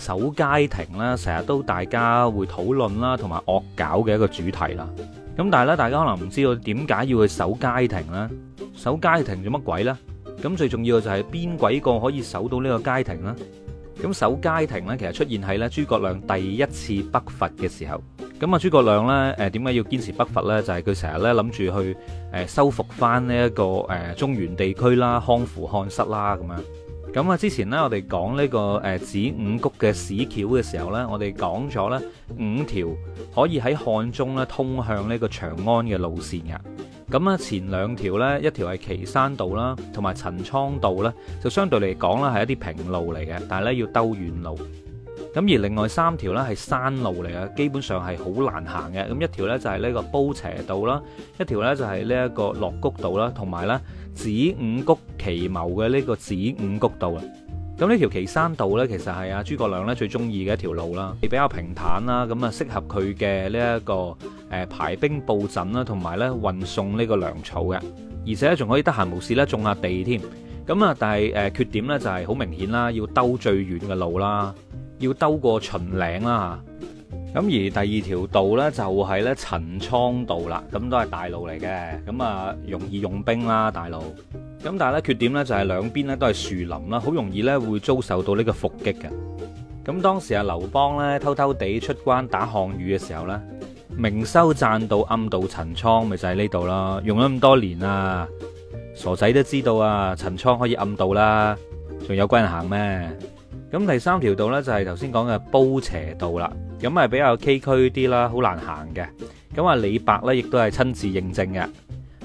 守街亭啦，成日都大家會討論啦，同埋惡搞嘅一個主題啦。咁但係咧，大家可能唔知道點解要去守街亭啦，守街亭做乜鬼啦？咁最重要就係邊鬼個可以守到呢個街亭啦？咁守街亭咧，其實出現喺咧諸葛亮第一次北伐嘅時候。咁啊，諸葛亮咧，誒點解要堅持北伐咧？就係佢成日咧諗住去誒收復翻呢一個誒中原地區啦，康復漢室啦咁啊。咁啊，之前咧、這個，我哋講呢個誒，子午谷嘅市橋嘅時候呢，我哋講咗呢五條可以喺漢中咧通向呢個長安嘅路線嘅。咁、嗯、啊，前兩條呢，一條係祁山道啦，同埋陳倉道咧，就相對嚟講啦，係一啲平路嚟嘅，但係呢，要兜遠路。咁而另外三條咧係山路嚟嘅，基本上係好難行嘅。咁一條呢就係呢個褒斜道啦，一條呢就係呢一個落谷道啦，同埋呢子午谷奇謀嘅呢個子午谷道啊。咁呢條祁山道呢，其實係啊諸葛亮咧最中意嘅一條路啦，比較平坦啦，咁啊適合佢嘅呢一個誒排兵布陣啦，同埋呢運送呢個糧草嘅，而且仲可以得閒無事呢種下地添。咁啊，但係誒缺點呢，就係好明顯啦，要兜最遠嘅路啦。要兜過秦嶺啦，咁而第二條道呢，就係咧陳倉道啦，咁都係大路嚟嘅，咁啊容易用兵啦、啊、大路，咁但係咧缺點呢，就係兩邊咧都係樹林啦、啊，好容易呢會遭受到呢個伏擊嘅。咁、嗯、當時啊劉邦呢，偷偷地出關打項羽嘅時候呢，明修棧道暗渡陳倉，咪就喺呢度啦。用咗咁多年啊，傻仔都知道啊，陳倉可以暗渡啦、啊，仲有鬼人行咩？咁第三條道呢，就係頭先講嘅褒斜道啦，咁係比較崎嶇啲啦，好難行嘅。咁啊李白呢亦都係親自認證嘅，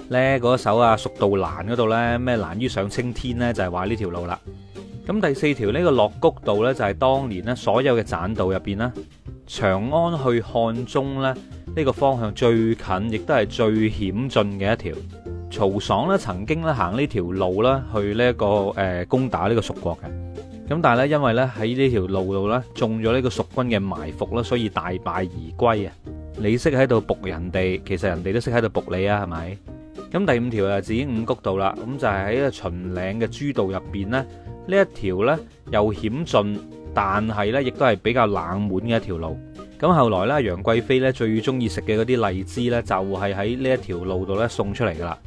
呢嗰首啊《蜀道難》嗰度呢，咩難於上青天呢，就係話呢條路啦。咁第四條呢個落谷道呢，就係當年呢所有嘅棧道入邊啦，長安去漢中呢，呢個方向最近亦都係最險峻嘅一條。曹爽呢曾經呢行呢條路啦去呢一個誒攻打呢個蜀國嘅。咁但係咧，因為咧喺呢條路度呢，中咗呢個蜀軍嘅埋伏啦，所以大敗而歸啊！你識喺度伏人哋，其實人哋都識喺度伏你啊，係咪？咁第五條就係子午谷道啦，咁就係喺秦嶺嘅諸道入邊呢，呢一條呢又險峻，但係呢亦都係比較冷門嘅一條路。咁後來呢，楊貴妃呢最中意食嘅嗰啲荔枝呢，就係喺呢一條路度呢送出嚟噶啦。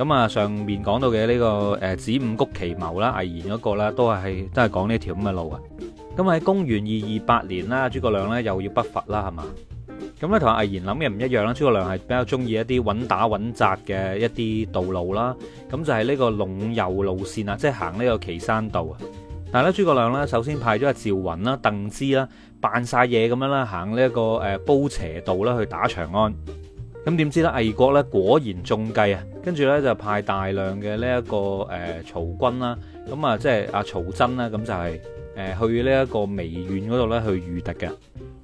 咁啊，上面講到嘅呢個誒子午谷奇謀啦，魏延嗰個啦，都係係都係講呢條咁嘅路啊。咁喺公元二二八年啦，諸葛亮咧又要北伐啦，係嘛？咁咧同阿魏延諗嘅唔一樣啦，諸葛亮係比較中意一啲穩打穩紮嘅一啲道路啦。咁就係呢個龍遊路線啊，即係行呢個岐山道啊。但係咧，諸葛亮呢首先派咗阿趙雲啦、鄧芝啦扮晒嘢咁樣啦，行呢一個誒褒斜道啦去打長安。咁點知咧，魏國咧果然中計啊！跟住咧就派大量嘅呢一個誒曹軍啦，咁啊即係阿曹真啦，咁就係、是、誒去呢一個微縣嗰度咧去御敵嘅。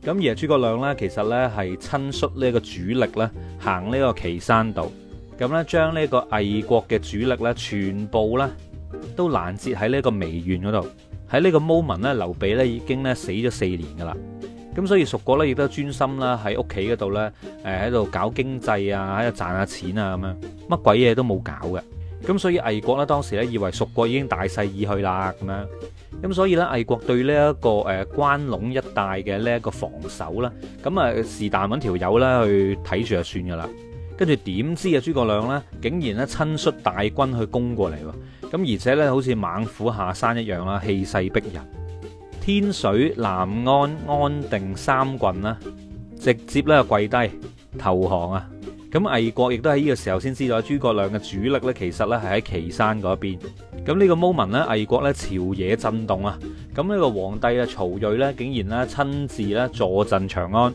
咁而係諸葛亮咧，其實咧係親率呢一個主力咧行呢個岐山道，咁咧將呢個魏國嘅主力咧全部咧都攔截喺呢個微縣嗰度，喺呢個 moment 咧，劉備咧已經咧死咗四年噶啦。咁所以蜀國咧亦都專心啦，喺屋企嗰度咧，誒喺度搞經濟啊，喺度賺下錢啊咁樣，乜鬼嘢都冇搞嘅。咁所以魏國呢，當時咧以為蜀國已經大勢已去啦咁樣，咁所以咧魏國對呢一個誒關隴一帶嘅呢一個防守咧，咁啊是但揾條友咧去睇住就算噶啦。跟住點知啊，諸葛亮呢，竟然咧親率大軍去攻過嚟喎。咁而且咧好似猛虎下山一樣啦，氣勢逼人。天水、南安、安定三郡啦，直接咧跪低投降啊！咁魏國亦都喺呢個時候先知道諸葛亮嘅主力咧，其實咧係喺祁山嗰邊。咁、這、呢個 moment 咧，魏國咧朝野震動啊！咁呢個皇帝啊曹睿咧，竟然咧親自咧坐鎮長安，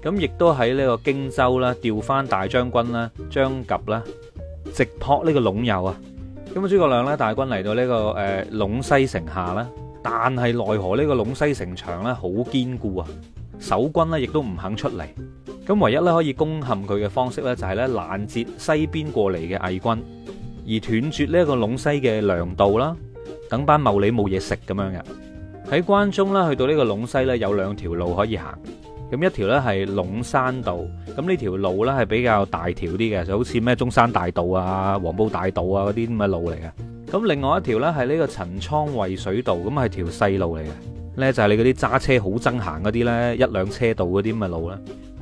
咁亦都喺呢個荊州啦調翻大將軍啦張郃啦，直撲呢個隴右啊！咁啊，諸葛亮咧大軍嚟到呢，這個誒隴、呃、西城下啦。但係奈何呢個隴西城牆咧好堅固啊，守軍咧亦都唔肯出嚟。咁唯一咧可以攻陷佢嘅方式咧就係咧攔截西邊過嚟嘅魏軍，而斷絕呢一個隴西嘅糧道啦。等班茂里冇嘢食咁樣嘅。喺關中啦，去到呢個隴西咧，有兩條路可以行。咁一條咧係隴山道，咁呢條路咧係比較大條啲嘅，就好似咩中山大道啊、黃埔大道啊嗰啲咁嘅路嚟嘅。咁另外一條呢，係呢個陳倉渭水道，咁係條細路嚟嘅，呢就係、是、你嗰啲揸車好憎行嗰啲呢一兩車道嗰啲咁嘅路啦。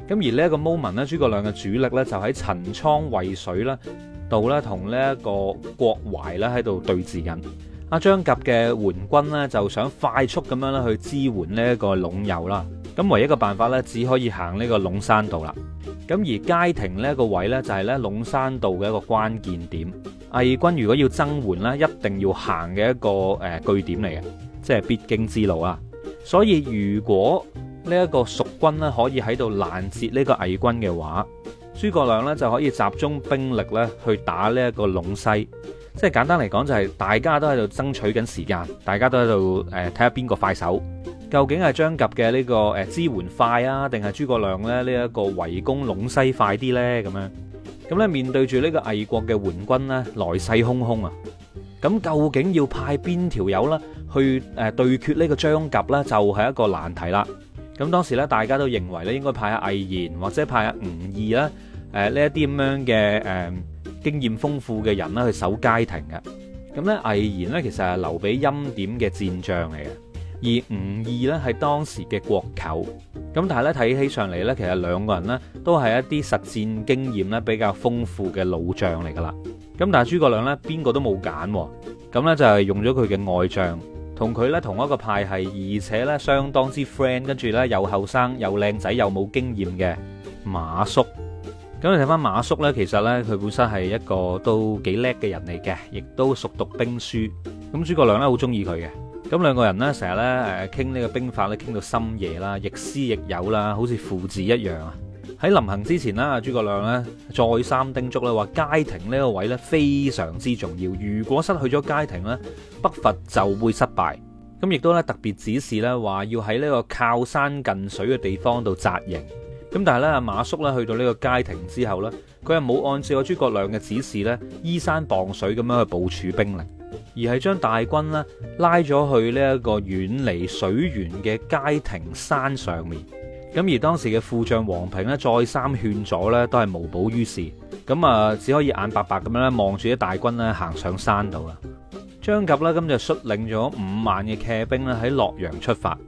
咁而呢個 moment，呢諸葛亮嘅主力呢，就喺陳倉渭水啦度，呢同呢一個郭淮呢喺度對峙緊。阿張郃嘅援軍呢，就想快速咁樣咧去支援呢一個隴右啦。咁唯一嘅辦法呢，只可以行呢個隴山道啦。咁而街亭呢一個位呢，就係呢隴山道嘅一個關鍵點。魏軍如果要增援咧，一定要行嘅一個誒據、呃、點嚟嘅，即係必經之路啊。所以如果呢一個蜀軍咧可以喺度攔截呢個魏軍嘅話，諸葛亮咧就可以集中兵力咧去打呢一個隴西。即係簡單嚟講，就係大家都喺度爭取緊時間，大家都喺度誒睇下邊個快手，究竟係張郃嘅呢個誒支援快啊，定係諸葛亮咧呢一個圍攻隴西快啲呢？咁樣。咁咧，面對住呢個魏國嘅援軍呢來勢洶洶啊！咁究竟要派邊條友啦，去誒對決呢個張郃呢？就係一個難題啦。咁當時咧，大家都認為咧，應該派阿魏延或者派阿吳義啦，誒呢一啲咁樣嘅誒、呃、經驗豐富嘅人啦，去守街亭嘅。咁呢魏延呢，其實係留俾欽點嘅戰將嚟嘅。而吳懿咧係當時嘅國舅，咁但係咧睇起上嚟咧，其實兩個人咧都係一啲實戰經驗咧比較豐富嘅老將嚟噶啦。咁但係諸葛亮咧邊個都冇揀，咁呢就係用咗佢嘅外將，同佢咧同一個派系，而且咧相當之 friend，跟住呢，又後生又靚仔又冇經驗嘅馬謖。咁你睇翻馬謖呢，其實呢，佢本身係一個都幾叻嘅人嚟嘅，亦都熟讀兵書。咁諸葛亮呢，好中意佢嘅。咁兩個人呢，成日咧誒傾呢個兵法咧，傾到深夜啦，亦師亦友啦，好似父子一樣啊！喺臨行之前啦，啊諸葛亮呢再三叮囑，咧，話街亭呢個位呢，非常之重要，如果失去咗街亭呢，北伐就會失敗。咁亦都咧特別指示咧話，要喺呢個靠山近水嘅地方度紮營。咁但係咧，阿馬謖咧去到呢個街亭之後呢，佢又冇按照啊諸葛亮嘅指示呢，依山傍水咁樣去部署兵力。而係將大軍咧拉咗去呢一個遠離水源嘅街亭山上面。咁而當時嘅副將王平咧再三勸阻咧，都係無補於事。咁啊，只可以眼白白咁樣咧望住啲大軍咧行上山度啦。張及呢，咁就率領咗五萬嘅騎兵咧喺洛陽出發，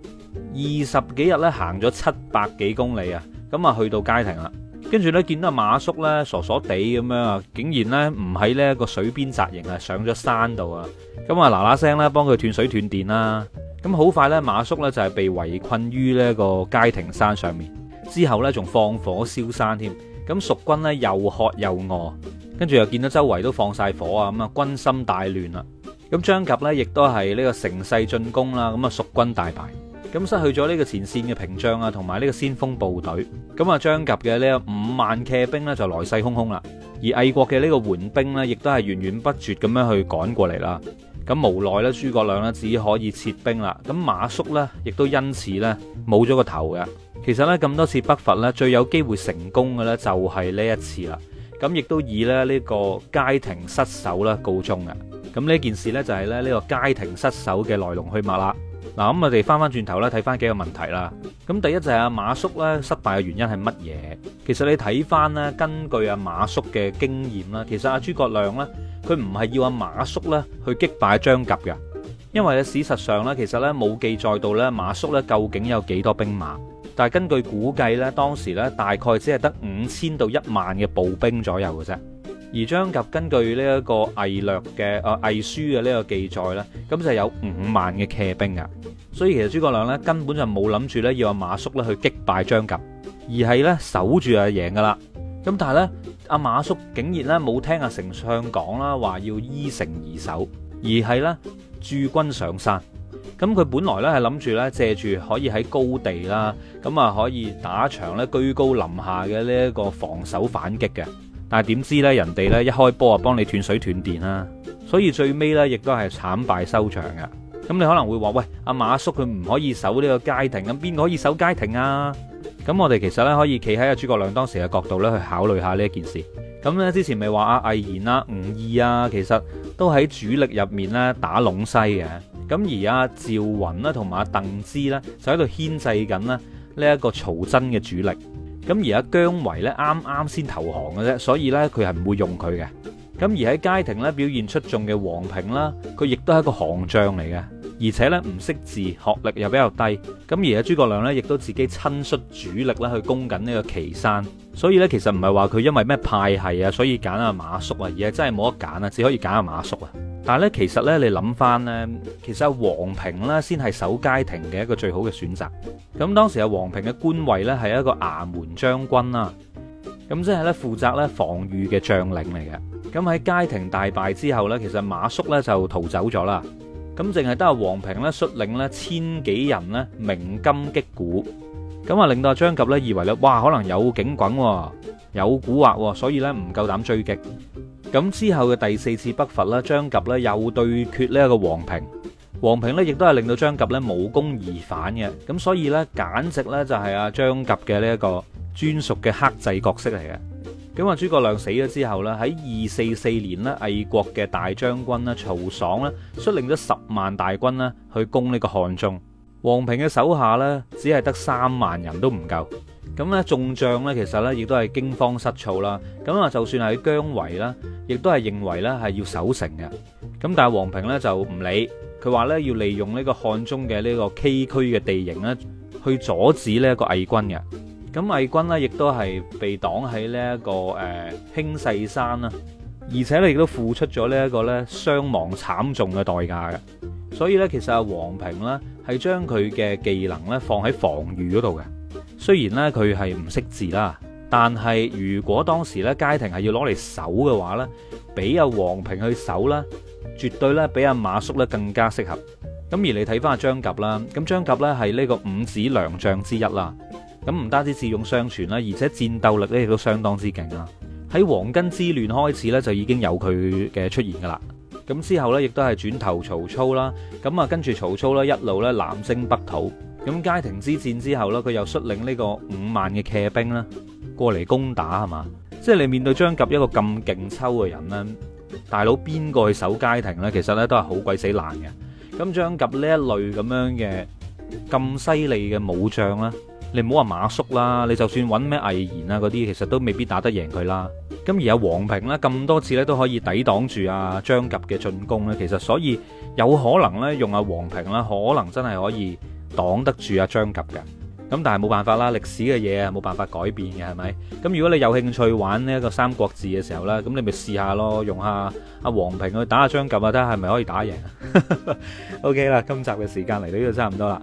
二十幾日咧行咗七百幾公里啊，咁啊去到街亭啦。跟住咧，見到阿馬叔咧，傻傻地咁樣啊，竟然咧唔喺呢個水邊紮營啊，上咗山度啊，咁啊嗱嗱聲咧幫佢斷水斷電啦，咁、啊、好快咧，馬叔咧就係被圍困於呢個街亭山上面，之後咧仲放火燒山添，咁蜀軍咧又渴又餓，跟住又見到周圍都放晒火啊，咁啊軍心大亂啦，咁張郃咧亦都係呢個乘勢進攻啦，咁啊蜀軍、啊、大敗。咁失去咗呢個前線嘅屏障啊，同埋呢個先鋒部隊，咁啊張郃嘅呢五萬騎兵咧就來勢洶洶啦，而魏國嘅呢個援兵咧亦都係源源不絕咁樣去趕過嚟啦。咁無奈咧，諸葛亮咧只可以撤兵啦。咁馬謖咧亦都因此咧冇咗個頭嘅。其實咧咁多次北伐咧，最有機會成功嘅咧就係呢一次啦。咁亦都以咧呢個街亭失守啦告終啊。咁呢一件事咧就係咧呢個街亭失守嘅來龍去脈啦。嗱，咁我哋翻翻轉頭啦，睇翻幾個問題啦。咁第一就係阿馬叔咧失敗嘅原因係乜嘢？其實你睇翻呢，根據阿馬叔嘅經驗啦，其實阿諸葛亮呢，佢唔係要阿馬叔呢去擊敗張郃嘅，因為喺事實上呢，其實呢，冇記載到呢馬叔呢究竟有幾多兵馬，但係根據估計呢，當時呢，大概只係得五千到一萬嘅步兵左右嘅啫。而張郃根據呢一個魏略嘅誒魏書嘅呢個記載咧，咁就有五萬嘅騎兵啊，所以其實諸葛亮咧根本就冇諗住咧要阿馬謖咧去擊敗張郃，而係咧守住就贏噶啦。咁但係咧阿馬謖竟然咧冇聽阿丞相講啦，話要依城而守，而係咧駐軍上山。咁佢本來咧係諗住咧借住可以喺高地啦，咁啊可以打場咧居高臨下嘅呢一個防守反擊嘅。但係點知咧？人哋咧一開波啊，幫你斷水斷電啦，所以最尾咧亦都係慘敗收場嘅。咁你可能會話：喂，阿、啊、馬叔佢唔可以守呢個街亭，咁邊個可以守街亭啊？咁我哋其實咧可以企喺阿諸葛亮當時嘅角度咧去考慮下呢一件事。咁咧之前咪話阿魏延啦、吳懿啊，其實都喺主力入面咧打隴西嘅。咁而阿趙雲啦同埋阿鄧芝咧就喺度牽制緊咧呢一個曹真嘅主力。咁而家姜維呢，啱啱先投降嘅啫，所以呢，佢係唔會用佢嘅。咁而喺街亭呢，表現出眾嘅王平啦，佢亦都係一個行將嚟嘅。而且咧唔識字，學歷又比較低，咁而阿諸葛亮咧亦都自己親率主力咧去攻緊呢個祁山，所以咧其實唔係話佢因為咩派系啊，所以揀阿馬叔啊，而係真係冇得揀啊，只可以揀阿馬叔啊。但係咧，其實咧你諗翻咧，其實王平咧先係守街亭嘅一個最好嘅選擇。咁當時阿王平嘅官位咧係一個牙門將軍啦，咁即係咧負責咧防禦嘅將領嚟嘅。咁喺街亭大敗之後咧，其實馬叔咧就逃走咗啦。咁淨係得阿王平咧，率領咧千幾人咧，鳴金擊鼓，咁啊令到阿張郃咧以為咧，哇可能有景轟，有蠱惑，所以咧唔夠膽追擊。咁之後嘅第四次北伐咧，張郃咧又對決呢一個王平，王平咧亦都係令到張郃咧無功而返嘅。咁所以咧，簡直咧就係阿張郃嘅呢一個專屬嘅黑仔角色嚟嘅。咁啊，諸葛亮死咗之後咧，喺二四四年咧，魏國嘅大將軍咧曹爽咧，率領咗十萬大軍咧去攻呢個漢中。王平嘅手下咧，只係得三萬人都唔夠。咁呢眾將咧其實咧亦都係驚慌失措啦。咁啊，就算係姜維啦，亦都係認為咧係要守城嘅。咁但係王平咧就唔理，佢話咧要利用呢個漢中嘅呢個崎嶇嘅地形咧，去阻止呢一個魏軍嘅。咁魏軍呢、這個，亦都係被擋喺呢一個誒興勢山啦，而且咧亦都付出咗呢一個咧傷亡慘重嘅代價嘅。所以咧，其實阿黃平呢係將佢嘅技能咧放喺防禦嗰度嘅。雖然咧佢係唔識字啦，但係如果當時咧街亭係要攞嚟守嘅話咧，俾阿黃平去守啦，絕對咧比阿馬謖咧更加適合。咁而你睇翻阿張郃啦，咁張郃咧係呢個五子良將之一啦。咁唔單止智勇雙全啦，而且戰鬥力咧亦都相當之勁啊。喺黃巾之亂開始咧，就已經有佢嘅出現噶啦。咁之後呢，亦都係轉投曹操啦。咁啊，跟住曹操呢，一路呢南征北討。咁街亭之戰之後呢，佢又率領呢個五萬嘅騎兵咧，過嚟攻打係嘛？即係你面對張郃一個咁勁抽嘅人呢，大佬邊個去守街亭呢？其實呢，都係好鬼死難嘅。咁張郃呢一類咁樣嘅咁犀利嘅武將咧。你唔好話馬叔啦，你就算揾咩魏延啊嗰啲，其實都未必打得贏佢啦。咁而阿王平呢，咁多次咧都可以抵擋住阿張郃嘅進攻呢。其實所以有可能呢，用阿、啊、王平呢，可能真係可以擋得住阿張郃嘅。咁但係冇辦法啦，歷史嘅嘢係冇辦法改變嘅，係咪？咁如果你有興趣玩呢一個三國志嘅時候呢，咁你咪試下咯，用下阿、啊、王平去打下張郃啊張，睇下係咪可以打贏。 OK 啦，今集嘅時間嚟到呢度差唔多啦。